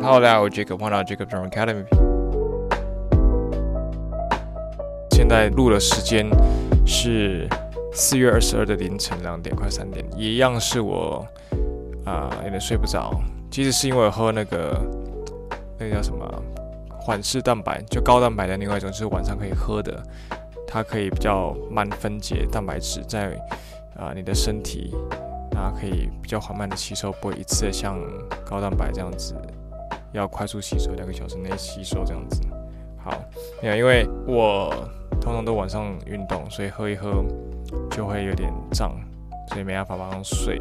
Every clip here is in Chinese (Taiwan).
Hello，大家好，我是 Jacob，歡迎來到 Jacob Drum Academy。現在錄的時間是四月二十二的凌晨兩點快三點，3點一樣是我啊有、呃、點睡不着，其實是因為我喝那個那個叫什麼緩釋蛋白，就高蛋白的另外一種，就是晚上可以喝的，它可以比較慢分解蛋白質在，在、呃、啊你的身體啊可以比較緩慢的吸收，不會一次像高蛋白這樣子。要快速吸收，兩個小時內吸收這樣子。好，沒有，因為我通常都晚上運動，所以喝一喝就會有點脹，所以沒辦法馬上睡，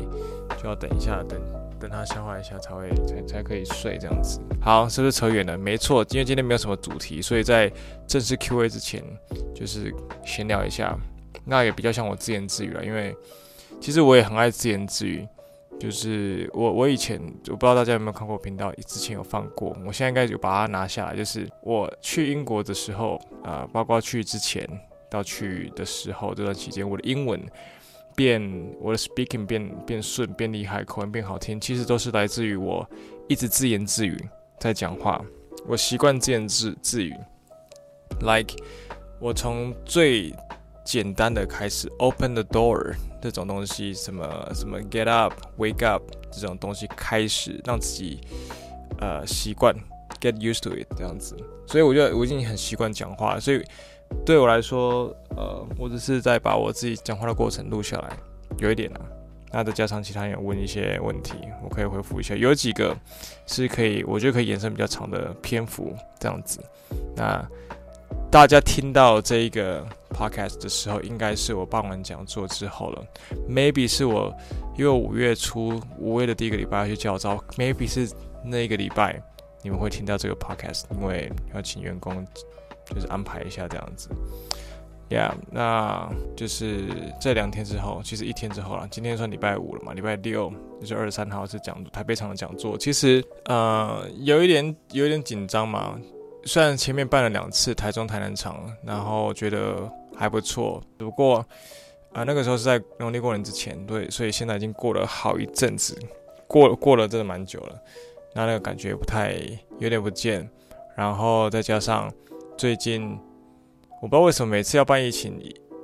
就要等一下，等等它消化一下才會才才可以睡這樣子。好，是不是扯遠了？沒錯，因為今天沒有什麼主題，所以在正式 QA 之前，就是閒聊一下，那也比較像我自言自語了，因為其實我也很愛自言自語。就是我，我以前我不知道大家有沒有看過頻道，之前有放過，我現在應該有把它拿下來。就是我去英國的時候，啊、呃，包括去之前到去的時候，這段期間，我的英文變，我的 speaking 變變順，變厲害，口音變好聽，其實都是來自於我一直自言自語在講話。我習慣自言自自語，like 我從最。簡單的開始，open the door 這種東西，什麼什麼 get up，wake up 這種東西，開始讓自己呃習慣，get used to it 這樣子。所以我覺得我已經很習慣講話，所以對我來說，呃，我只是在把我自己講話的過程錄下來。有一點呢、啊，那再加上其他人問一些問題，我可以回覆一下，有幾個是可以，我覺得可以延伸比較長的篇幅這樣子。那大家聽到這一個 podcast 的時候，應該是我辦完講座之後了。Maybe 是我因為五月初五月的第一個禮拜要去校招，Maybe 是那一個禮拜你們會聽到這個 podcast，因為要請員工就是安排一下這樣子。Yeah，那就是這兩天之後，其實一天之後了。今天算禮拜五了嘛？禮拜六就是二十三號是講台北場的講座，其實呃有一點有一點緊張嘛。雖然前面辦了兩次台中台南場，然後覺得還不錯，只不過，啊、呃，那個時候是在農曆過年之前，對，所以現在已經過了好一陣子，過過了真的蠻久了，那那個感覺也不太，有點不見，然後再加上最近，我不知道為什麼每次要辦疫情，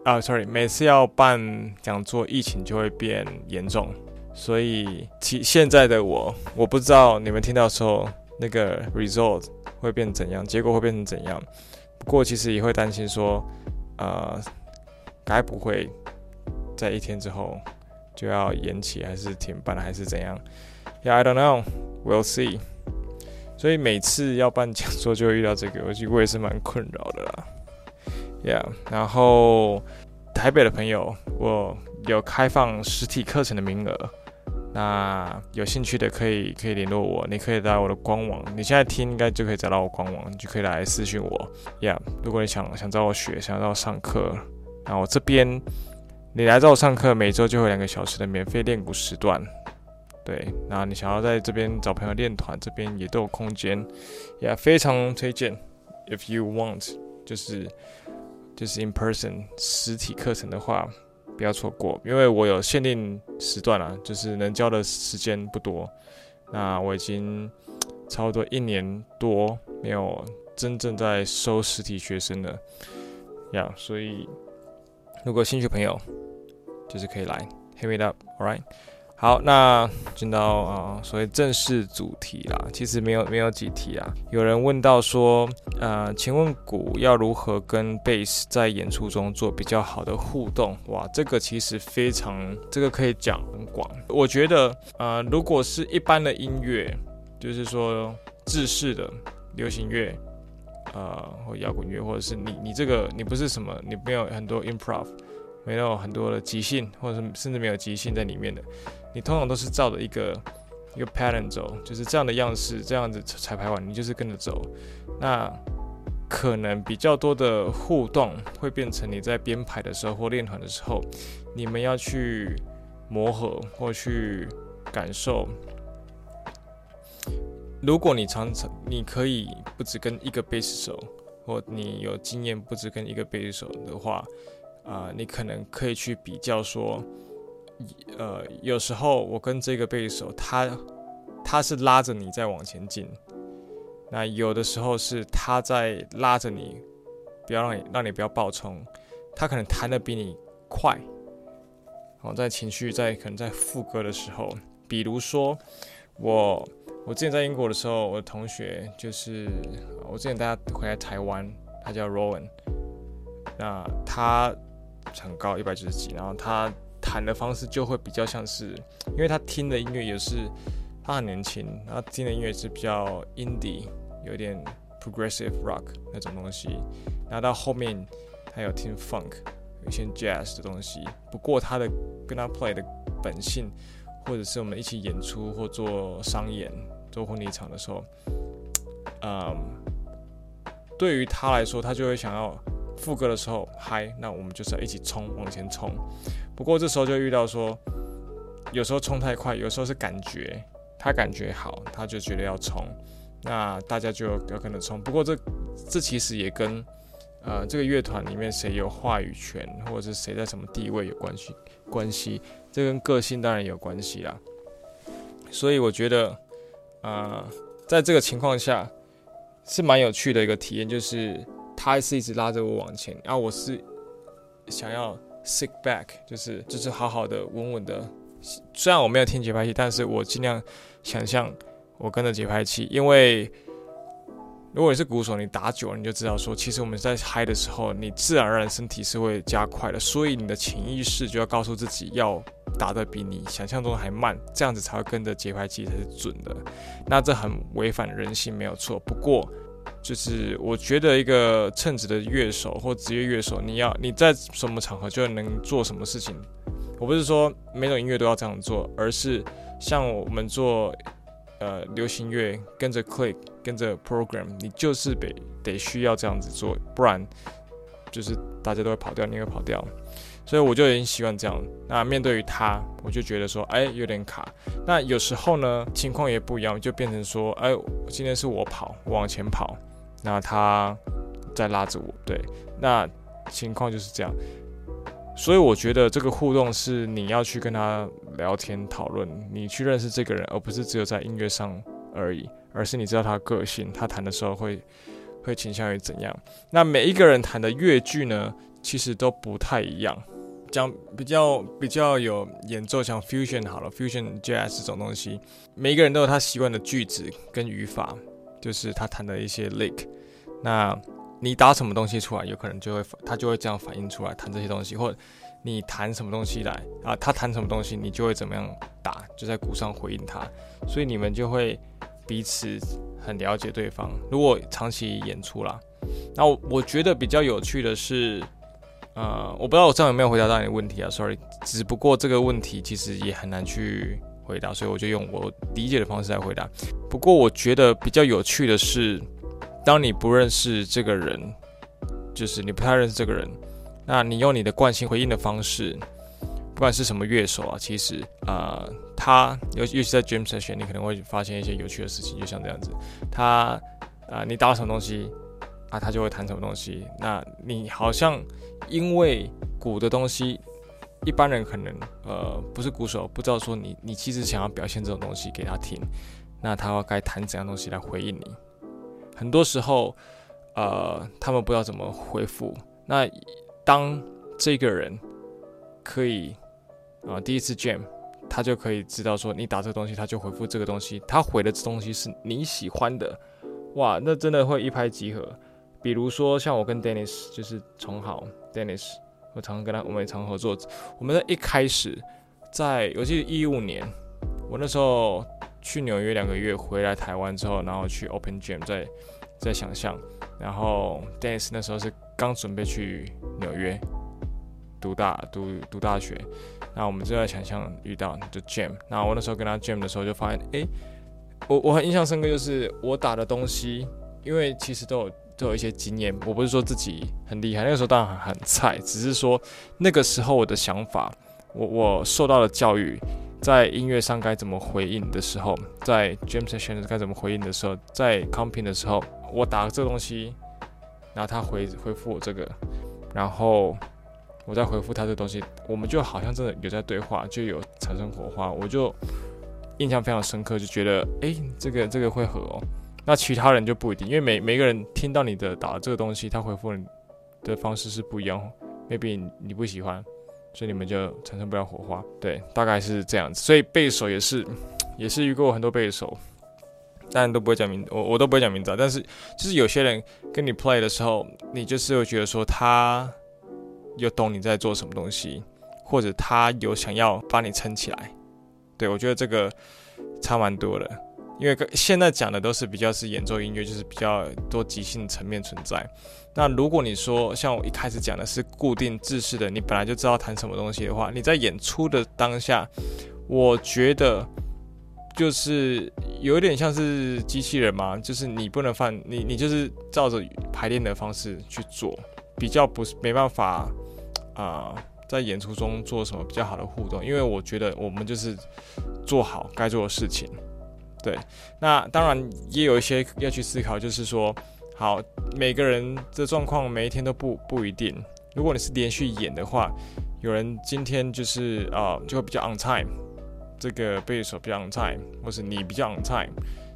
啊，sorry，每次要辦講座，疫情就會變嚴重，所以其現在的我，我不知道你們聽到的時候。那個 result 會變怎樣？結果會變成怎樣？不過其實也會擔心說，呃，該不會在一天之後就要延期，還是停辦，還是怎樣？Yeah, I don't know, we'll see. 所以每次要辦講座就會遇到這個，我覺得我也是蠻困擾的啦。Yeah，然後台北的朋友，我有開放實體課程的名額。那有興趣的可以可以聯絡我，你可以來我的官網，你現在聽應該就可以找到我官網，你就可以來私訊我呀。Yeah, 如果你想想找我學，想找我上課，那我這邊你來找我上課，每週就會兩個小時的免費練鼓時段。對，那你想要在這邊找朋友練團，這邊也都有空間，也、yeah, 非常推薦。If you want，就是就是 in person 實體課程的話。不要錯過，因為我有限定時段啊，就是能教的時間不多。那我已經差不多一年多沒有真正在收實體學生了，呀、yeah,，所以如果有興趣朋友，就是可以來，Hit me up, alright? 好，那進到啊、呃，所謂正式主題啦，其實沒有沒有幾題啦。有人問到說，呃，請問鼓要如何跟貝斯在演出中做比較好的互動？哇，這個其實非常，這個可以講很廣。我覺得，呃，如果是一般的音樂，就是說，制式的流行樂，呃，或搖滾樂，或者是你你這個你不是什麼，你沒有很多 improv，沒有很多的即興，或者是甚至沒有即興在裡面的。你通常都是照着一個一個 pattern 走，就是這樣的樣式，這樣子彩排完，你就是跟着走。那可能比較多的互動會變成你在編排的時候或練團的時候，你們要去磨合或去感受。如果你常常你可以不只跟一個 bass 手，或你有經驗不只跟一個 bass 手的話，啊、呃，你可能可以去比較說。呃，有時候我跟這個貝斯手，他他是拉着你在往前進，那有的時候是他在拉着你，不要讓你讓你不要爆衝，他可能彈的比你快。好、哦，在情緒在可能在副歌的時候，比如說我我之前在英國的時候，我的同學就是我之前帶他回來台灣，他叫 Rowan，那他很高一百九十幾，然後他。彈的方式就會比較像是，因為他聽的音樂也是，他很年輕，他聽的音樂是比較 indie，有點 progressive rock 那種東西。然後到後面，他有聽 funk，有一些 jazz 的東西。不過他的跟他 play 的本性，或者是我們一起演出或做商演、做婚禮場的時候，嗯，對於他來說，他就會想要副歌的時候嗨，Hi, 那我們就是要一起衝，往前衝。不過這時候就遇到說，有時候衝太快，有時候是感覺他感覺好，他就覺得要衝，那大家就有可能衝。不過這這其實也跟，呃，這個樂團裡面誰有話語權，或者是誰在什麼地位有關係關係，這跟個性當然有關係啦。所以我覺得，呃，在這個情況下是蠻有趣的一個體驗，就是他是一直拉着我往前，然後我是想要。sit back，就是就是好好的穩穩的。雖然我沒有聽節拍器，但是我儘量想象我跟着節拍器，因為如果你是鼓手，你打久了你就知道說，其實我們在嗨的時候，你自然而然身體是會加快的，所以你的潛意識就要告訴自己要打得比你想象中還慢，這樣子才會跟着節拍器才是準的。那這很違反人性，沒有錯，不過。就是我覺得一個稱職的樂手或職業樂手，你要你在什麼場合就能做什麼事情。我不是說每種音樂都要這樣做，而是像我們做呃流行樂，跟着 click，跟着 program，你就是得得需要這樣子做，不然就是大家都會跑掉，你會跑掉。所以我就已經習慣這樣。那面對於他，我就覺得說，哎，有點卡。那有時候呢，情況也不一樣，就變成說，哎，今天是我跑，我往前跑，那他，在拉着我。對，那情況就是這樣。所以我覺得這個互動是你要去跟他聊天討論，你去認識這個人，而不是只有在音樂上而已，而是你知道他個性，他彈的時候會，會傾向於怎樣。那每一個人彈的樂句呢，其實都不太一樣。講比較比較有演奏像 fusion 好了，Fusion Jazz 這種東西，每一個人都有他習慣的句子跟語法，就是他彈的一些 lick。那你打什麼東西出來，有可能就會他就會這樣反應出來，彈這些東西，或者你彈什麼東西來啊，他彈什麼東西，你就會怎麼樣打，就在鼓上回應他。所以你們就會彼此很了解對方。如果長期演出啦，那我，我覺得比較有趣的是。呃、嗯，我不知道我這樣有沒有回答到你的問題啊，sorry。只不過這個問題其實也很難去回答，所以我就用我理解的方式來回答。不過我覺得比較有趣的是，當你不認識這個人，就是你不太認識這個人，那你用你的慣性回應的方式，不管是什麼樂手啊，其實啊、呃，他尤尤其是在 Jam Session，你可能會發現一些有趣的事情，就像這樣子，他啊、呃，你打什麼東西？啊，他就會彈什麼東西？那你好像因為鼓的東西，一般人可能呃不是鼓手，不知道說你你其實想要表現這種東西給他聽，那他該彈怎樣東西來回應你？很多時候，呃，他們不知道怎麼回覆。那當這個人可以啊、呃、第一次 jam，他就可以知道說你打這個東西，他就回覆這個東西，他回的東西是你喜歡的，哇，那真的會一拍即合。比如說，像我跟 Dennis 就是從好，Dennis，我常跟他，我們也常合作。我們在一開始，在尤其是一五年，我那時候去紐約兩個月，回來台灣之後，然後去 Open Jam 在在想象。然後 Dennis 那時候是剛準備去紐約讀大讀讀大學，那我們就在想象遇到就 Jam。那我那時候跟他 Jam 的時候，就發現，誒，我我很印象深刻，就是我打的東西，因為其實都有。都有一些經驗，我不是說自己很厲害，那個時候當然很，很菜，只是說那個時候我的想法，我我受到了教育，在音樂上該怎麼回應的時候，在 jam session 該怎麼回應的時候，在 comping 的時候，我打了這個東西，然後他回回復我這個，然後我再回復他這個東西，我們就好像真的有在對話，就有產生火花，我就印象非常深刻，就覺得哎、欸，這個這個會合哦。那其他人就不一定，因為每每個人聽到你的打的這個東西，他回復你的方式是不一樣，maybe 你不喜歡，所以你們就產生不了火花，對，大概是這樣子。所以背手也是，也是遇過很多背手，但都不會講名，我我都不會講名字啊。但是就是有些人跟你 play 的時候，你就是會覺得說他有懂你在做什麼東西，或者他有想要把你撐起來，對，我覺得這個差蠻多的。因為現在講的都是比較是演奏音樂，就是比較多即興層面存在。那如果你說像我一開始講的是固定制式的，你本來就知道彈什麼東西的話，你在演出的當下，我覺得就是有一點像是機器人嘛，就是你不能犯你你就是照着排練的方式去做，比較不是沒辦法啊、呃，在演出中做什麼比較好的互動？因為我覺得我們就是做好該做的事情。對，那當然也有一些要去思考，就是說，好，每個人的狀況每一天都不不一定。如果你是連續演的話，有人今天就是啊、呃，就會比較 on time，這個貝斯手比較 on time，或是你比較 on time，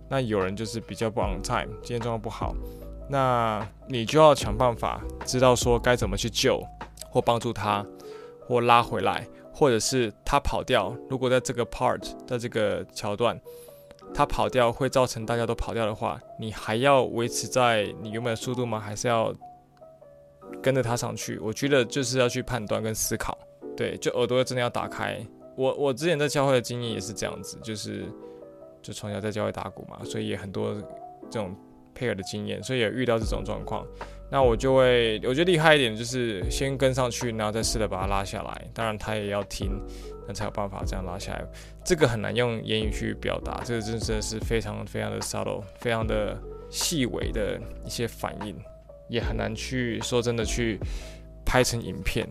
那有人就是比較不 on time，今天狀況不好，那你就要想辦法知道說該怎麼去救或幫助他，或拉回來，或者是他跑掉。如果在這個 part，在這個橋段。它跑掉會造成大家都跑掉的話，你還要維持在你原本的速度嗎？還是要跟着它上去？我覺得就是要去判斷跟思考，對，就耳朵真的要打開。我我之前在教會的經驗也是這樣子，就是就從小在教會打鼓嘛，所以也很多這種配合的經驗，所以也遇到這種狀況。那我就會，我覺得厲害一點就是先跟上去，然後再試着把它拉下來。當然它也要聽，那才有辦法這樣拉下來。這個很難用言語去表達，這個真真的是非常非常的 subtle，非常的細微的一些反應，也很難去說真的去拍成影片。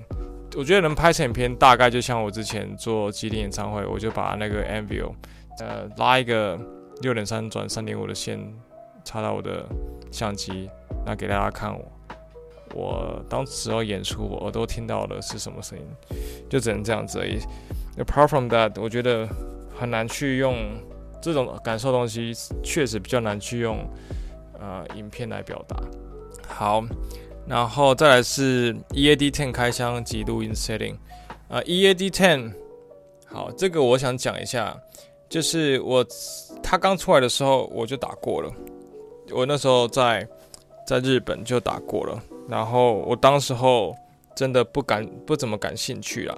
我覺得能拍成影片，大概就像我之前做即興演唱會，我就把那個 m n v i l 呃，拉一個六點三轉三點五的線插到我的相機，那給大家看我。我當時候演出，我耳朵聽到的是什麼聲音，就只能這樣子而已。Apart from that，我覺得很難去用這種感受東西，確實比較難去用、呃、影片來表達。好，然後再來是 EAD Ten 開箱及錄音 setting，啊、呃、EAD Ten，好，這個我想講一下，就是我他剛出來的時候我就打過了，我那時候在在日本就打過了。然後我當時候真的不感不怎麼感興趣啦，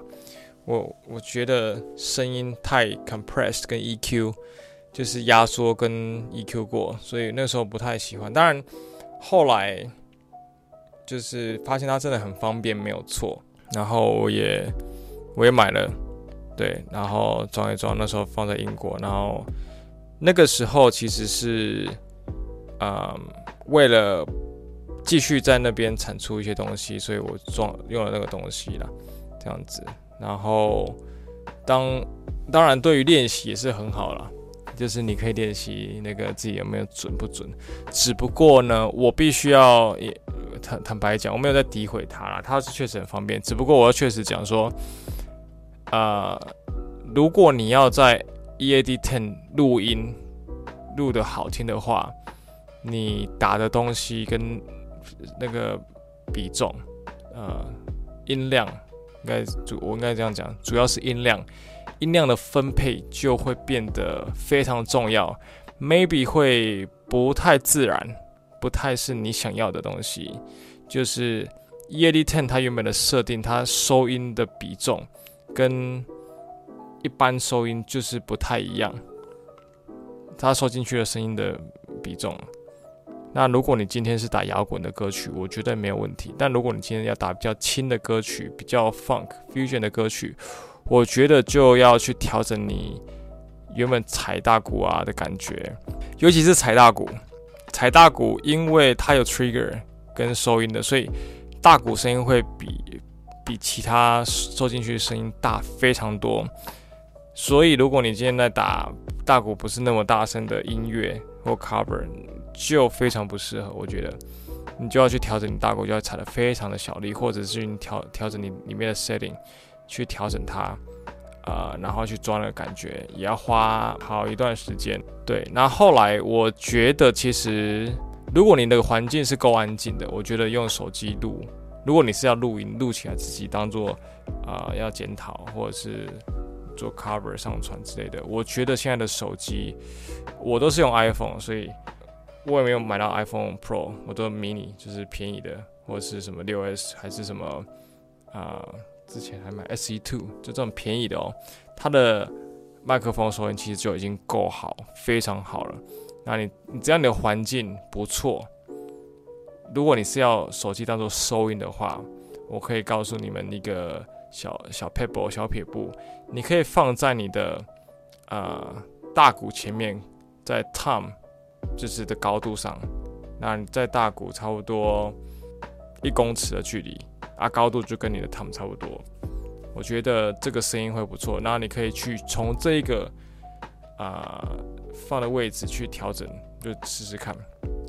我我覺得聲音太 compressed 跟 EQ 就是壓縮跟 EQ 過，所以那時候不太喜歡。當然後來就是發現它真的很方便，沒有錯。然後我也我也買了，對，然後裝一裝。那時候放在英國，然後那個時候其實是，嗯、呃，為了。繼續在那邊產出一些東西，所以我裝用了那個東西了，這樣子。然後，當當然對於練習也是很好了，就是你可以練習那個自己有沒有準不準。只不過呢，我必須要也坦坦白講，我沒有在詆毀它了，它是確實很方便。只不過我要確實講說，呃，如果你要在 EAD10 錄音錄得好聽的話，你打的東西跟那個比重，呃，音量應該主，我應該這樣講，主要是音量，音量的分配就會變得非常重要，maybe 會不太自然，不太是你想要的東西。就是 Yeti Ten 它原本的設定，它收音的比重跟一般收音就是不太一樣，它收進去的聲音的比重。那如果你今天是打搖滾的歌曲，我覺得沒有問題。但如果你今天要打比較輕的歌曲，比較 funk fusion 的歌曲，我覺得就要去調整你原本踩大鼓啊的感覺，尤其是踩大鼓。踩大鼓，因為它有 trigger 跟收音的，所以大鼓聲音會比比其他收進去的聲音大非常多。所以如果你今天在打大鼓不是那麼大聲的音樂或 cover 就非常不適合，我覺得你就要去調整你大鼓，就要踩得非常的小力，或者是你調調整你裡面的 setting 去調整它，啊，然後去裝的感覺也要花好一段時間。對，那後來我覺得其實如果你的環境是夠安靜的，我覺得用手機錄，如果你是要錄音錄起來自己當做啊、呃、要檢討或者是做 cover 上傳之類的，我覺得現在的手機我都是用 iPhone，所以。我也沒有買到 iPhone Pro，我都 mini，就是便宜的，或者是什麼 6S，還是什麼啊、呃？之前還買 SE2，就這種便宜的哦。它的麥克風收音其實就已經夠好，非常好了。那你你這樣你的環境不錯，如果你是要手機當做收音的話，我可以告訴你們一個小小 p a p e 小撇布，你可以放在你的呃大鼓前面，在 Tom、um,。就是的高度上，那你在大鼓差不多一公尺的距離，啊，高度就跟你的 Tom、um、差不多。我覺得這個聲音會不錯。那你可以去從這一個啊、呃、放的位置去調整，就試試看。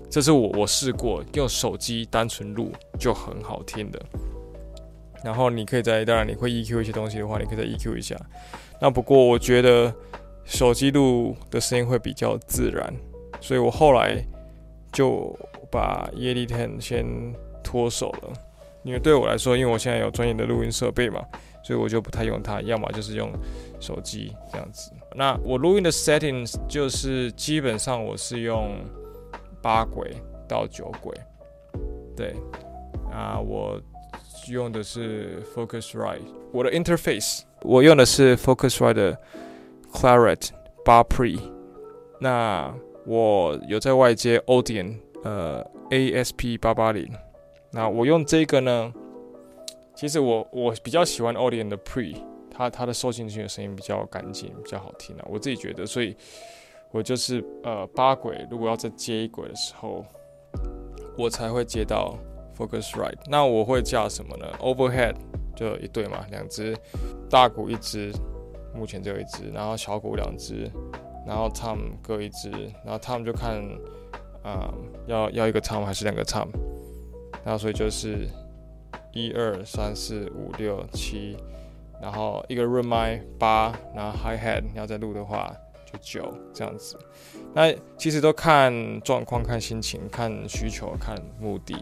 這是我我試過用手機單純錄就很好聽的。然後你可以在當然你會 E Q 一些東西的話，你可以再 E Q 一下。那不過我覺得手機錄的聲音會比較自然。所以我後來就把耶利天先脫手了，因為對我來說，因為我現在有專業的錄音設備嘛，所以我就不太用它，要麼就是用手機這樣子。那我錄音的 settings 就是基本上我是用八軌到九軌，對啊，我用的是 Focusrite，我的 interface 我用的是 Focusrite 的 Claret 八 Pre，那，我有在外接 Audient 呃 A S P 八八零，那我用這個呢，其實我我比較喜歡 Audient 的 Pre，它它的收信訊的聲音比較乾淨，比較好聽啊，我自己覺得，所以我就是呃八軌，如果要再接一軌的時候，我才會接到 Focusrite，那我會架什麼呢？Overhead 就有一對嘛，兩只大鼓一只，目前只有一只，然後小鼓兩只。然後 Tom、um、各一隻，然後 Tom、um、就看，啊、嗯，要要一個 Tom、um、還是兩個 Tom、um，然後所以就是，一、二、三、四、五、六、七，然後一個 room mic 八，然後 hi-hat 要再錄的話就九這樣子，那其實都看狀況、看心情、看需求、看目的，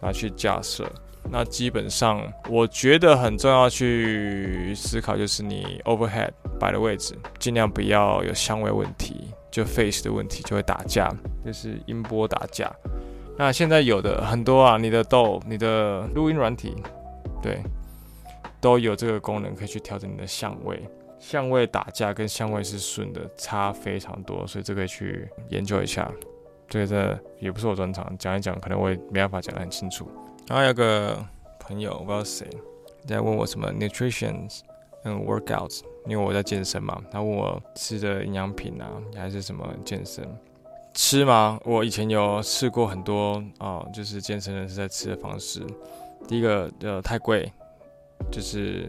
然後去架設。那基本上，我覺得很重要去思考，就是你 overhead 擺的位置，盡量不要有相位問題，就 phase 的問題就會打架，就是音波打架。那現在有的很多啊，你的 DAW，你的錄音軟體，對，都有這個功能可以去調整你的相位。相位打架跟相位是順的差非常多，所以這個去研究一下。這個也也不是我專長，講一講可能我也沒辦法講得很清楚。然後有個朋友，我不知道誰在問我什麼 nutrition and workouts，因為我在健身嘛。他問我吃的營養品啊，還是什麼健身吃嗎？我以前有試過很多哦，就是健身人士在吃的方式。第一個呃太貴，就是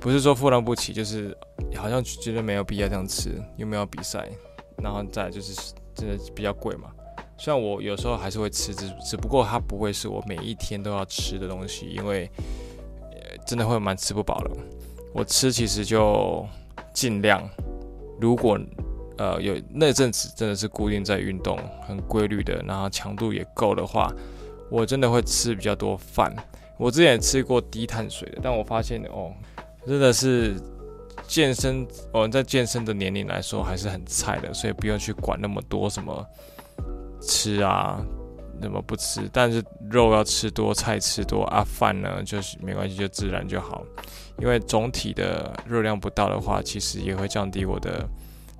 不是說負擔不起，就是好像覺得沒有必要這樣吃，又沒有比賽。然後再就是真的比較貴嘛。像我有時候還是會吃，只只不過它不會是我每一天都要吃的東西，因為，呃，真的會蠻吃不飽的。我吃其實就盡量，如果呃有那陣子真的是固定在運動很規律的，然後強度也夠的話，我真的會吃比較多飯。我之前也吃過低碳水的，但我發現哦，真的是健身哦，在健身的年齡來說還是很菜的，所以不用去管那麼多什麼。吃啊，那麼不吃？但是肉要吃多，菜吃多啊，飯呢就是沒關係，就自然就好。因為總體的熱量不到的話，其實也會降低我的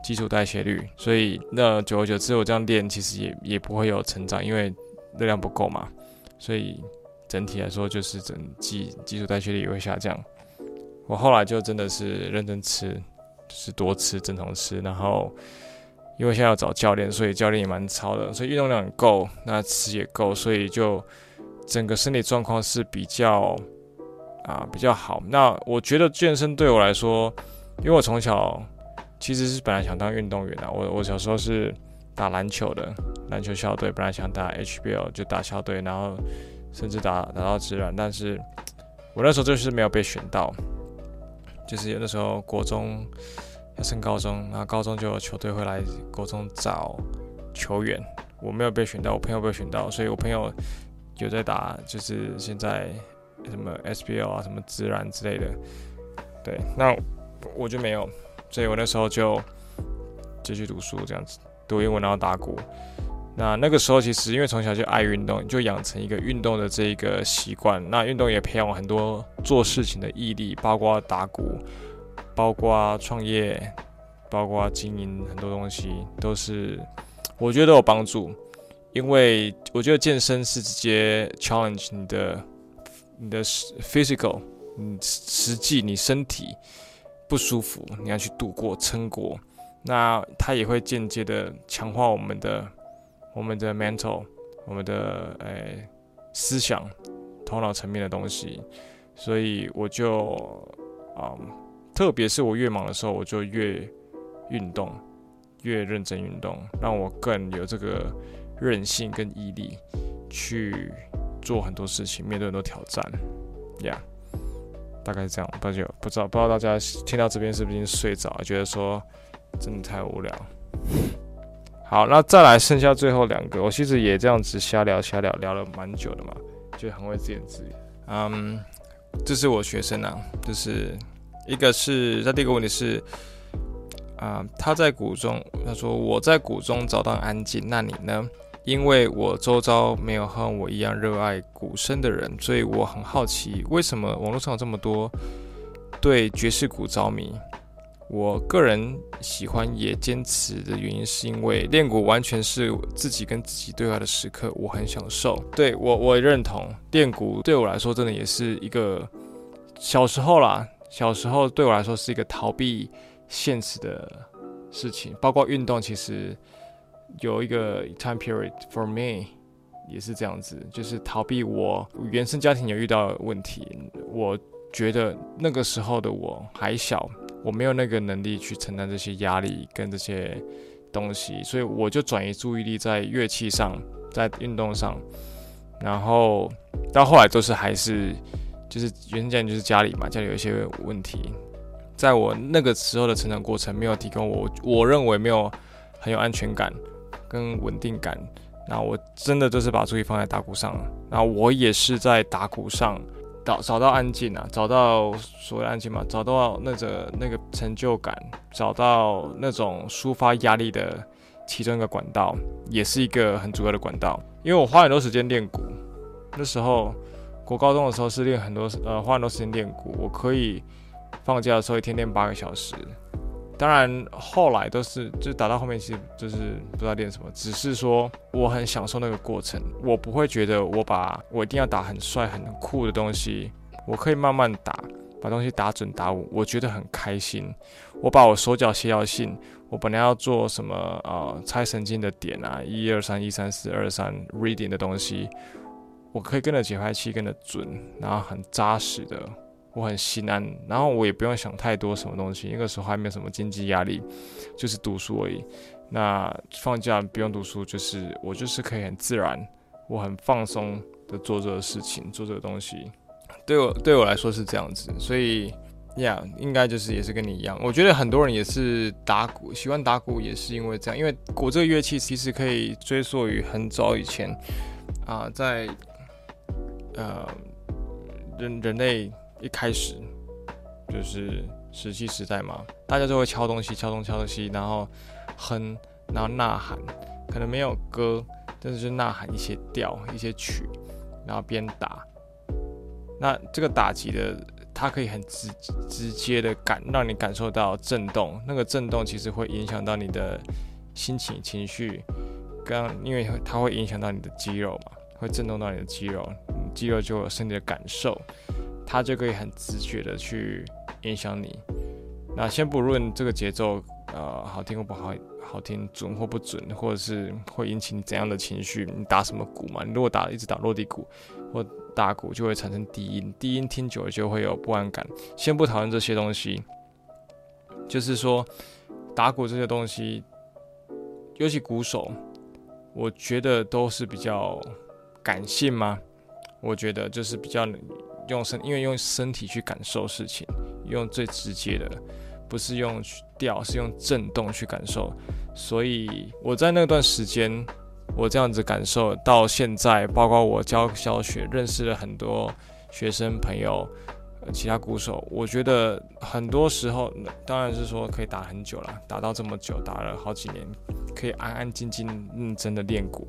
基礎代謝率。所以那久而久之，我這樣練其實也也不會有成長，因為熱量不夠嘛。所以整體來說，就是整基基礎代謝率也會下降。我後來就真的是認真吃，就是多吃，正常吃，然後。因為現在要找教練，所以教練也蠻操的，所以運動量很夠，那吃也夠，所以就整個身體狀況是比較啊、呃、比較好。那我覺得健身對我來說，因為我從小其實是本來想當運動員的、啊，我我小時候是打籃球的，籃球校隊本來想打 HBL 就打校隊，然後甚至打打到職籃。但是我那時候就是沒有被選到，就是有的時候國中。要升高中，然後高中就有球隊會來國中找球員，我沒有被選到，我朋友被選到，所以我朋友有在打，就是現在什麼 SBL 啊，什麼職籃之類的。對，那我就沒有，所以我那時候就就去讀書，這樣子讀英文，然後打鼓。那那個時候其實因為從小就愛運動，就養成一個運動的這個習慣。那運動也培養了很多做事情的毅力，包括打鼓。包括創業，包括經營，很多東西都是我覺得都有幫助，因為我覺得健身是直接 challenge 你的你的 physical，你實際你身體不舒服，你要去度過撐過，那它也會間接的強化我們的我們的 mental，我們的呃、欸、思想頭腦層面的東西，所以我就啊。嗯特別是我越忙的時候，我就越運動，越認真運動，讓我更有這個韌性跟毅力去做很多事情，面對很多挑戰。y、yeah. 大概是這樣。不就不知道不知道大家聽到這邊是不是已經睡着了，覺得說真的太無聊。好，那再來剩下最後兩個，我其實也這樣子瞎聊瞎聊聊了蠻久的嘛，就很會自言自語。嗯、um,，這是我學生啊，就是。一個是那第一個問題是，啊、呃，他在鼓中，他說我在鼓中找到安靜，那你呢？因為我周遭沒有和我一樣熱愛鼓聲的人，所以我很好奇為什麼網絡上有這麼多對爵士鼓着迷。我個人喜歡也堅持的原因是因為練鼓完全是自己跟自己對話的時刻，我很享受。對，我，我也認同練鼓對我來說真的也是一個小時候啦。小時候對我來說是一個逃避現實的事情，包括運動，其實有一個 time period for me 也是這樣子，就是逃避我原生家庭有遇到的問題。我覺得那個時候的我還小，我沒有那個能力去承擔這些壓力跟這些東西，所以我就轉移注意力在樂器上，在運動上，然後到後來都是還是。就是原生家庭就是家裡嘛，家裡有一些問題，在我那個時候的成長過程沒有提供我，我認為沒有很有安全感跟穩定感。那我真的就是把注意放在打鼓上，然後我也是在打鼓上找找到安靜啊，找到所謂的安靜嘛，找到那個那個成就感，找到那種抒發壓力的其中一個管道，也是一個很主要的管道。因為我花很多時間練鼓，那時候。我高中的時候是練很多，呃，花很多時間練鼓，我可以放假的時候一天練八個小時。當然後來都是就打到後面其實就是不知道練什麼，只是說我很享受那個過程，我不會覺得我把我一定要打很帥很酷的東西，我可以慢慢打，把東西打準打穩，我覺得很開心。我把我手腳協調性，我本來要做什麼，呃，拆神經的點啊，一二三一三四二三 reading 的東西。我可以跟着節拍器跟着準，然後很扎實的，我很心安，然後我也不用想太多什麼東西。那個時候還沒有什麼經濟壓力，就是讀書而已。那放假不用讀書，就是我就是可以很自然，我很放鬆的做這個事情，做這個東西，對我對我來說是這樣子。所以呀，yeah, 應該就是也是跟你一樣，我覺得很多人也是打鼓，喜歡打鼓也是因為這樣，因為鼓這個樂器其實可以追溯於很早以前啊，呃，在。呃，人人類一開始就是石器時代嘛，大家就會敲東西，敲東敲東西，然後哼，然後吶喊，可能沒有歌，但是就吶喊一些調，一些曲，然後邊打。那這個打擊的，它可以很直直接的感讓你感受到震動，那個震動其實會影響到你的心情、情緒，剛因為它會影響到你的肌肉嘛。會震動到你的肌肉，肌肉就有身體的感受，它就可以很直覺的去影響你。那先不論這個節奏，呃，好聽或不好，好聽準或不準，或者是會引起你怎樣的情緒。你打什麼鼓嘛？你如果打一直打落地鼓或打鼓，就會產生低音，低音聽久了就會有不安感。先不討論這些東西，就是說打鼓這些東西，尤其鼓手，我覺得都是比較。感性嗎？我覺得就是比較能用身，因為用身體去感受事情，用最直接的，不是用調，是用震動去感受。所以我在那段時間，我這樣子感受到現在，包括我教小學，認識了很多學生朋友，其他鼓手。我覺得很多時候，當然是說可以打很久了，打到這麼久，打了好幾年，可以安安靜靜、認真的練鼓。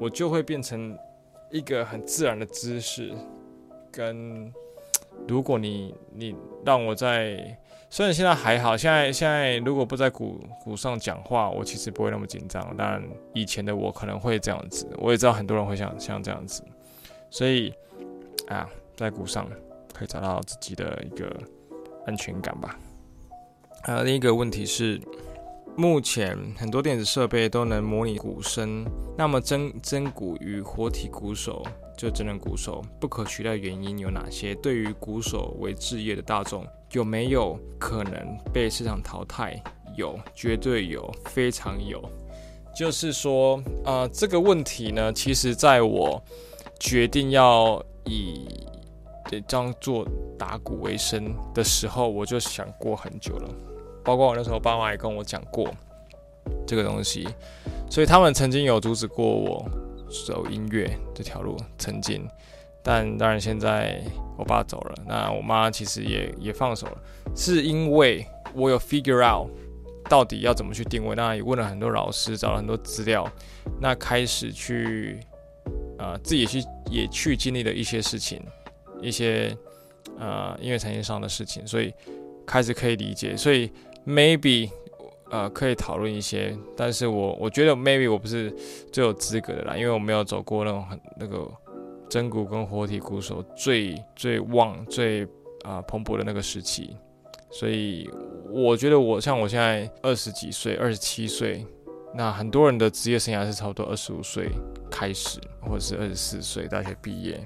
我就會變成一個很自然的姿勢，跟如果你你讓我在，雖然現在還好，現在現在如果不在鼓鼓上講話，我其實不會那麼緊張。但以前的我可能會這樣子，我也知道很多人會像像這樣子，所以啊，在鼓上可以找到自己的一個安全感吧。還有另一個問題是。目前很多電子設備都能模擬鼓聲，那麼真真鼓與活體鼓手就真人鼓手不可取代原因有哪些？對於鼓手為職業的大眾，有沒有可能被市場淘汰？有，絕對有，非常有。就是說，呃，這個問題呢，其實在我決定要以這樣做打鼓為生的時候，我就想過很久了。包括我那時候，爸媽也跟我講過這個東西，所以他們曾經有阻止過我走音樂這條路，曾經。但當然，現在我爸走了，那我媽其實也也放手了，是因為我有 figure out 到底要怎麼去定位。那也問了很多老師，找了很多資料，那開始去，呃，自己也去也去經歷了一些事情，一些呃音樂產業上的事情，所以開始可以理解，所以。Maybe，呃，可以討論一些，但是我我覺得 Maybe 我不是最有資格的啦，因為我沒有走過那種很那個真鼓跟活體鼓手最最旺最啊、呃、蓬勃的那個時期，所以我覺得我像我現在二十幾歲，二十七歲，那很多人的職業生涯是差不多二十五歲開始，或者是二十四歲大學畢業，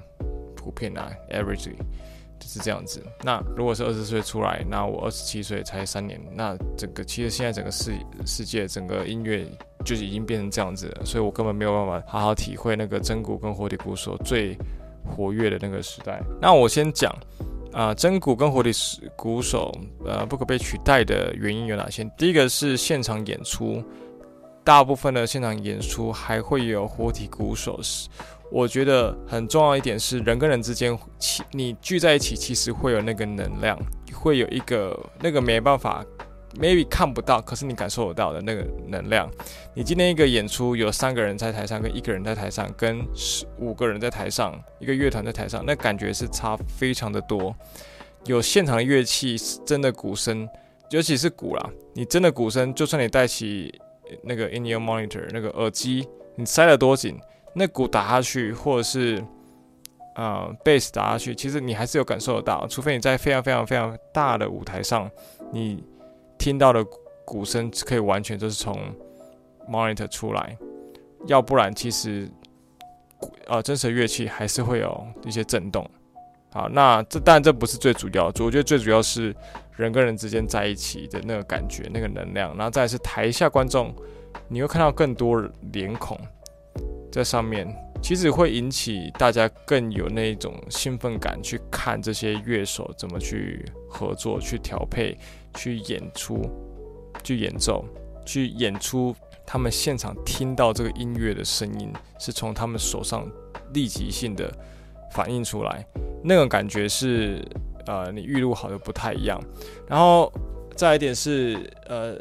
普遍啊，everything。就是這樣子。那如果是二十歲出來，那我二十七歲才三年，那整個其實現在整個世世界，整個音樂就已經變成這樣子了，所以我根本沒有辦法好好體會那個真鼓跟活體鼓手最活躍的那個時代。那我先講，啊、呃，真鼓跟活體鼓手，呃，不可被取代的原因有哪些？第一個是現場演出，大部分的現場演出還會有活體鼓手是。我覺得很重要一點是，人跟人之間，其你聚在一起，其實會有那個能量，會有一個那個沒辦法，maybe 看不到，可是你感受得到的那個能量。你今天一個演出，有三個人在台上，跟一個人在台上，跟十五個人在台上，一個樂團在台上，那感覺是差非常的多。有現場的樂器，真的鼓聲，尤其是鼓啦，你真的鼓聲，就算你戴起那個 in-ear monitor 那個耳機，你塞了多緊。那鼓打下去，或者是啊，呃、貝斯打下去，其實你還是有感受得到。除非你在非常非常非常大的舞台上，你聽到的鼓聲可以完全就是從 monitor 出來，要不然其實，啊、呃，真實的樂器還是會有一些震動。好，那這但這不是最主要，我覺得最主要是人跟人之間在一起的那個感覺、那個能量。然後再來是台下觀眾，你會看到更多臉孔。在上面其實會引起大家更有那種興奮感，去看這些樂手怎麼去合作、去調配、去演出、去演奏、去演出。他們現場聽到這個音樂的聲音，是從他們手上立即性的反映出來，那種、個、感覺是呃，你預錄好的不太一樣。然後再來一點是呃，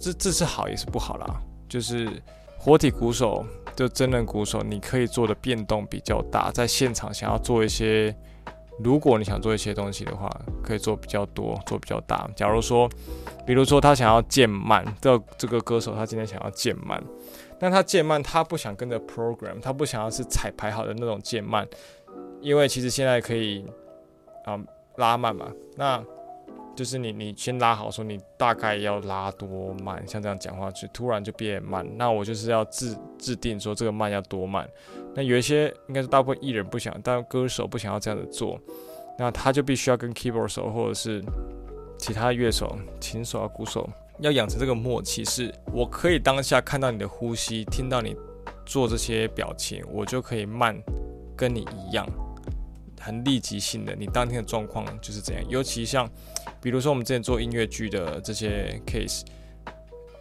這這是好也是不好啦，就是活體鼓手。就真人鼓手，你可以做的變動比較大，在現場想要做一些，如果你想做一些東西的話，可以做比較多，做比較大。假如說，比如說他想要漸慢，這這個歌手，他今天想要漸慢，但他漸慢，他不想跟着 program，他不想要是彩排好的那種漸慢，因為其實現在可以，啊、嗯、拉慢嘛，那。就是你，你先拉好說，你大概要拉多慢？像這樣講話，就突然就變慢。那我就是要制制定說這個慢要多慢。那有一些應該是大部分藝人不想，但歌手不想要這樣子做。那他就必須要跟 keyboard 手或者是其他樂手、琴手啊、鼓手要養成這個默契是，是我可以當下看到你的呼吸，聽到你做這些表情，我就可以慢跟你一樣，很立即性的。你當天的狀況就是這樣，尤其像。比如說，我們之前做音樂劇的這些 case，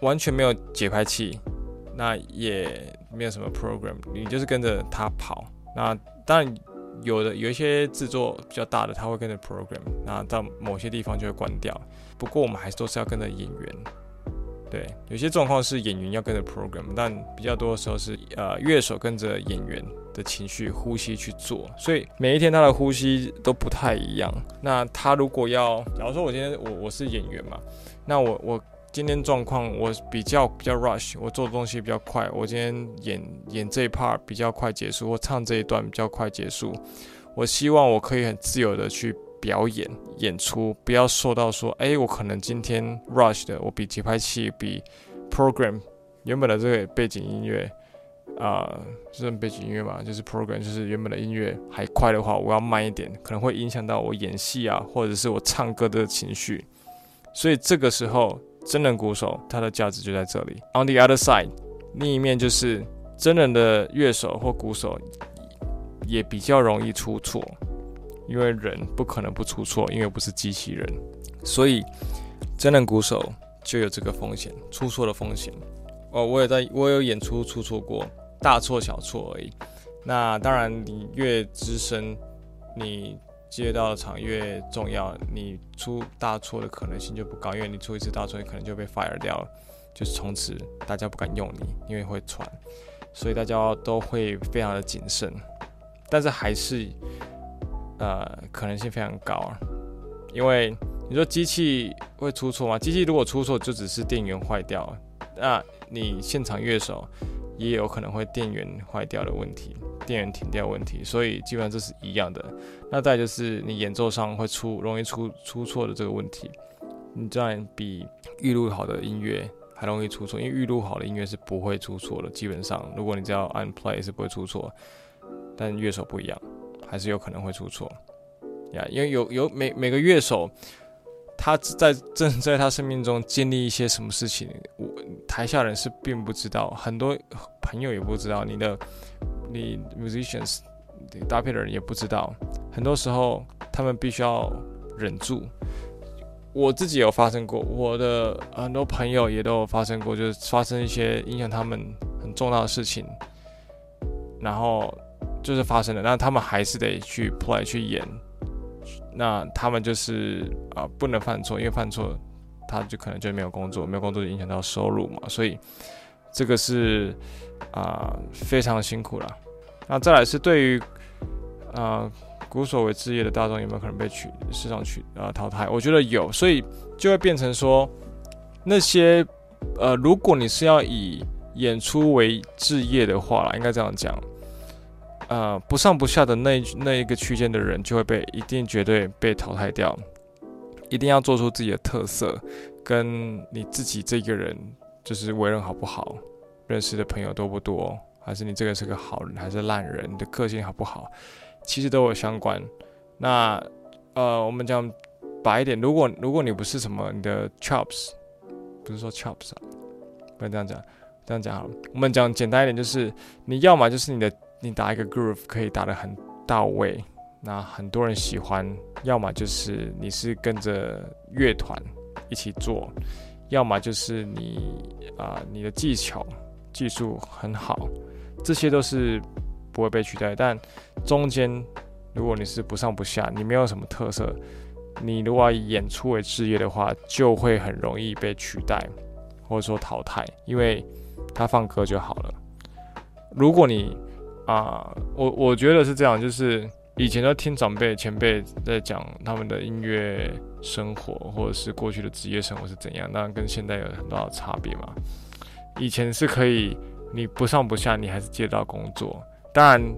完全沒有節拍器，那也沒有什麼 program，你就是跟着它跑。那當然有的有一些製作比較大的，它會跟着 program，那到某些地方就會關掉。不過我們還是都是要跟着演員。對，有些狀況是演員要跟着 program，但比較多的時候是呃樂手跟着演員的情緒呼吸去做，所以每一天他的呼吸都不太一樣。那他如果要，假如說我今天我我是演員嘛，那我我今天狀況我比較比較 rush，我做的東西比較快，我今天演演這一 part 比較快結束，我唱這一段比較快結束，我希望我可以很自由的去。表演演出不要受到說，哎、欸，我可能今天 rush 的，我比節拍器比 program 原本的這個背景音樂啊，這、呃、種、就是、背景音樂嘛，就是 program 就是原本的音樂還快的話，我要慢一點，可能會影響到我演戲啊，或者是我唱歌的情緒。所以這個時候，真人鼓手他的價值就在這裡。On the other side，另一面就是真人的樂手或鼓手也比較容易出錯。因為人不可能不出錯，因為不是機器人，所以真人鼓手就有這個風險，出錯的風險。哦，我也在我有演出出錯過，大錯小錯而已。那當然，你越資深，你接到的場越重要，你出大錯的可能性就不高，因為你出一次大錯，你可能就被 fire 掉了，就是從此大家不敢用你，因為會傳，所以大家都會非常的謹慎。但是還是。呃，可能性非常高啊，因為你說機器會出錯嗎？機器如果出錯，就只是電源壞掉那、啊、你現場樂手也有可能會電源壞掉的問題，電源停掉的問題，所以基本上這是一樣的。那再就是你演奏上會出容易出出錯的這個問題，你這樣比預錄好的音樂還容易出錯，因為預錄好的音樂是不會出錯的，基本上如果你只要按 play 是不會出錯，但樂手不一樣。還是有可能會出錯，呀、yeah，因為有有每每個樂手，他在正在他生命中經歷一些什麼事情，我台下人是並不知道，很多朋友也不知道，你的你 musicians 搭配的人也不知道，很多時候他們必須要忍住。我自己有發生過，我的很多朋友也都有發生過，就是發生一些影響他們很重要的事情，然後。就是發生的，那他們還是得去 play 去演，那他們就是啊、呃、不能犯錯，因為犯錯他就可能就沒有工作，沒有工作就影響到收入嘛，所以這個是啊、呃、非常辛苦了。那再來是對於啊、呃、古所謂職業的大眾有沒有可能被取市場取啊淘汰？我覺得有，所以就會變成說那些呃如果你是要以演出為職業的話啦，應該這樣講。呃，不上不下的那那一個區間的人就會被一定絕對被淘汰掉，一定要做出自己的特色，跟你自己這個人就是為人好不好，認識的朋友多不多，還是你這個是個好人還是爛人，你的個性好不好，其實都有相關。那呃，我們講白一點，如果如果你不是什麼你的 chops，不是說 chops 啊，不能這樣講，這樣講好了。我們講簡單一點，就是你要麼就是你的。你打一個 groove 可以打得很到位，那很多人喜歡。要麼就是你是跟着樂團一起做，要麼就是你啊、呃，你的技巧技術很好，這些都是不會被取代。但中間，如果你是不上不下，你沒有什麼特色，你如果要以演出為職業的話，就會很容易被取代或者說淘汰，因為他放歌就好了。如果你啊、呃，我我覺得是這樣，就是以前都聽長輩、前輩在講他們的音樂生活，或者是過去的職業生活是怎樣，當然跟現在有很大的差別嘛。以前是可以，你不上不下，你還是接到工作。當然，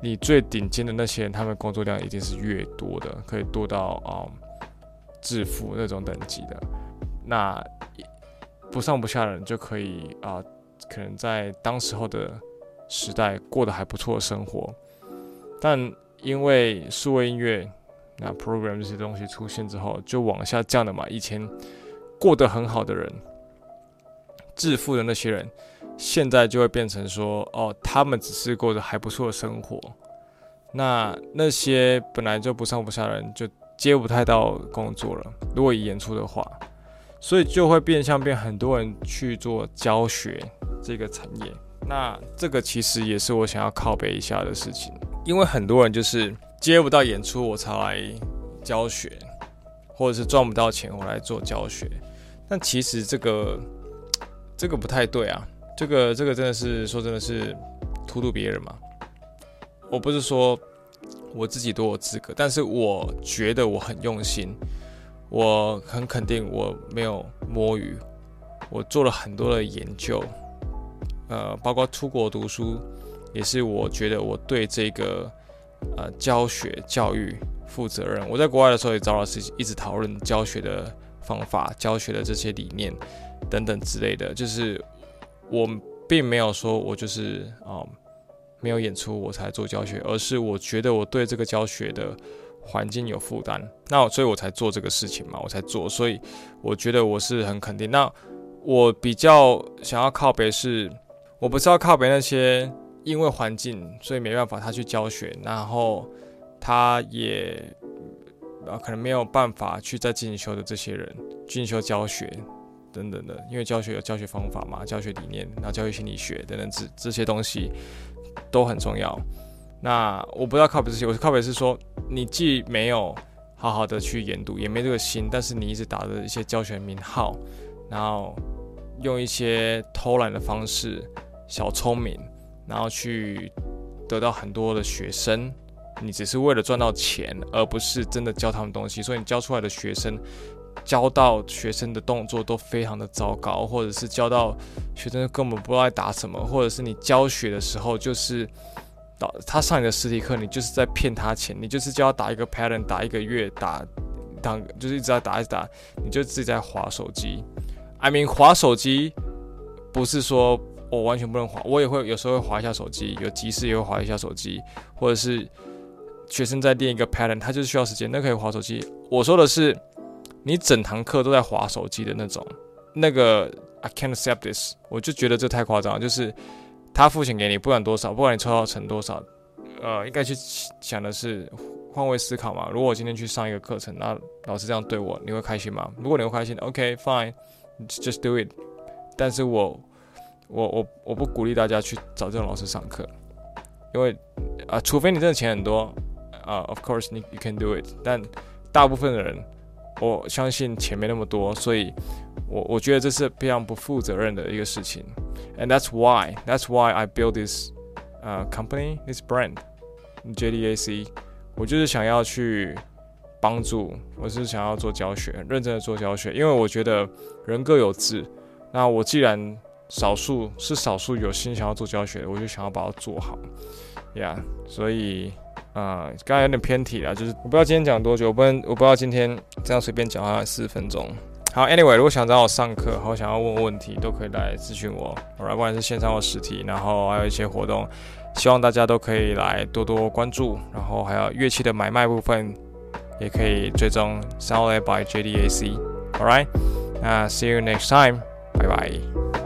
你最頂尖的那些人，他們工作量一定是越多的，可以多到啊、呃，致富那種等級的。那不上不下的人就可以啊、呃，可能在當時候的。時代過得還不錯的生活，但因為數位音樂，那 program 這些東西出現之後，就往下降了嘛。以前過得很好的人，致富的那些人，現在就會變成說，哦，他們只是過得還不錯的生活。那那些本來就不上不下的人，就接不太到工作了。如果以演出的話，所以就會變相變很多人去做教學這個產業。那這個其實也是我想要靠北一下的事情，因為很多人就是接不到演出我才來教學，或者是賺不到錢我來做教學，但其實這個這個不太對啊，這個這個真的是說真的是荼毒別人嘛？我不是說我自己多有資格，但是我覺得我很用心，我很肯定我沒有摸魚，我做了很多的研究。呃，包括出國讀書，也是我覺得我對這個呃教學教育負責任。我在國外的時候也找老師，一直討論教學的方法、教學的這些理念等等之類的。就是我並沒有說我就是啊、呃、沒有演出我才做教學，而是我覺得我對這個教學的環境有負擔，那所以我才做這個事情嘛，我才做。所以我覺得我是很肯定。那我比較想要靠北是。我不是要靠北那些因為環境所以沒辦法他去教學，然後他也可能沒有辦法去再進修的這些人進修教學等等的，因為教學有教學方法嘛，教學理念，然後教育心理學等等這這些東西都很重要。那我不是要靠北這些，我是靠北是說你既沒有好好的去研讀，也沒這個心，但是你一直打着一些教學名號，然後用一些偷懶的方式。小聰明，然後去得到很多的學生，你只是為了賺到錢，而不是真的教他們東西。所以你教出來的學生，教到學生的動作都非常的糟糕，或者是教到學生根本不知道在打什麼，或者是你教學的時候就是導他上你的實體課，你就是在騙他錢，你就是教他打一個 pattern，打一個月，打當就是一直在打一直打，你就自己在滑手機。I mean，滑手機，不是說。我完全不能滑，我也會有時候會滑一下手機，有急事也會滑一下手機，或者是學生在練一個 pattern，他就是需要時間，那可以滑手機。我說的是，你整堂課都在滑手機的那種，那個 I can't accept this，我就覺得這太誇張。就是他付錢給你，不管多少，不管你抽到成多少，呃，應該去想的是換位思考嘛。如果我今天去上一個課程，那老師這樣對我，你會開心嗎？如果你會開心，OK，fine，just do it。但是我。我我我不鼓勵大家去找這種老師上課，因為啊，除非你掙的錢很多啊，uh，of course you can do it。但大部分的人，我相信錢沒那麼多，所以我我覺得這是非常不負責任的一個事情。And that's why, that's why I built this 呃，uh, company, this brand, JDAC。我就是想要去幫助，我是想要做教學，認真的做教學，因為我覺得人各有志。那我既然少數是少數有心想要做教學的，我就想要把它做好，呀、yeah，所以啊，剛、嗯、才有點偏題了，就是我不知道今天講多久，我不能我不知道今天這樣隨便講好像四分鐘。好，Anyway，如果想找我上課，或想要問問題，都可以來諮詢我。Alright，不管是線上或實體，然後還有一些活動，希望大家都可以來多多關注，然後還有樂器的買賣部分，也可以追蹤。Sound Lab by JDAC，Alright，那 See you next time，拜拜。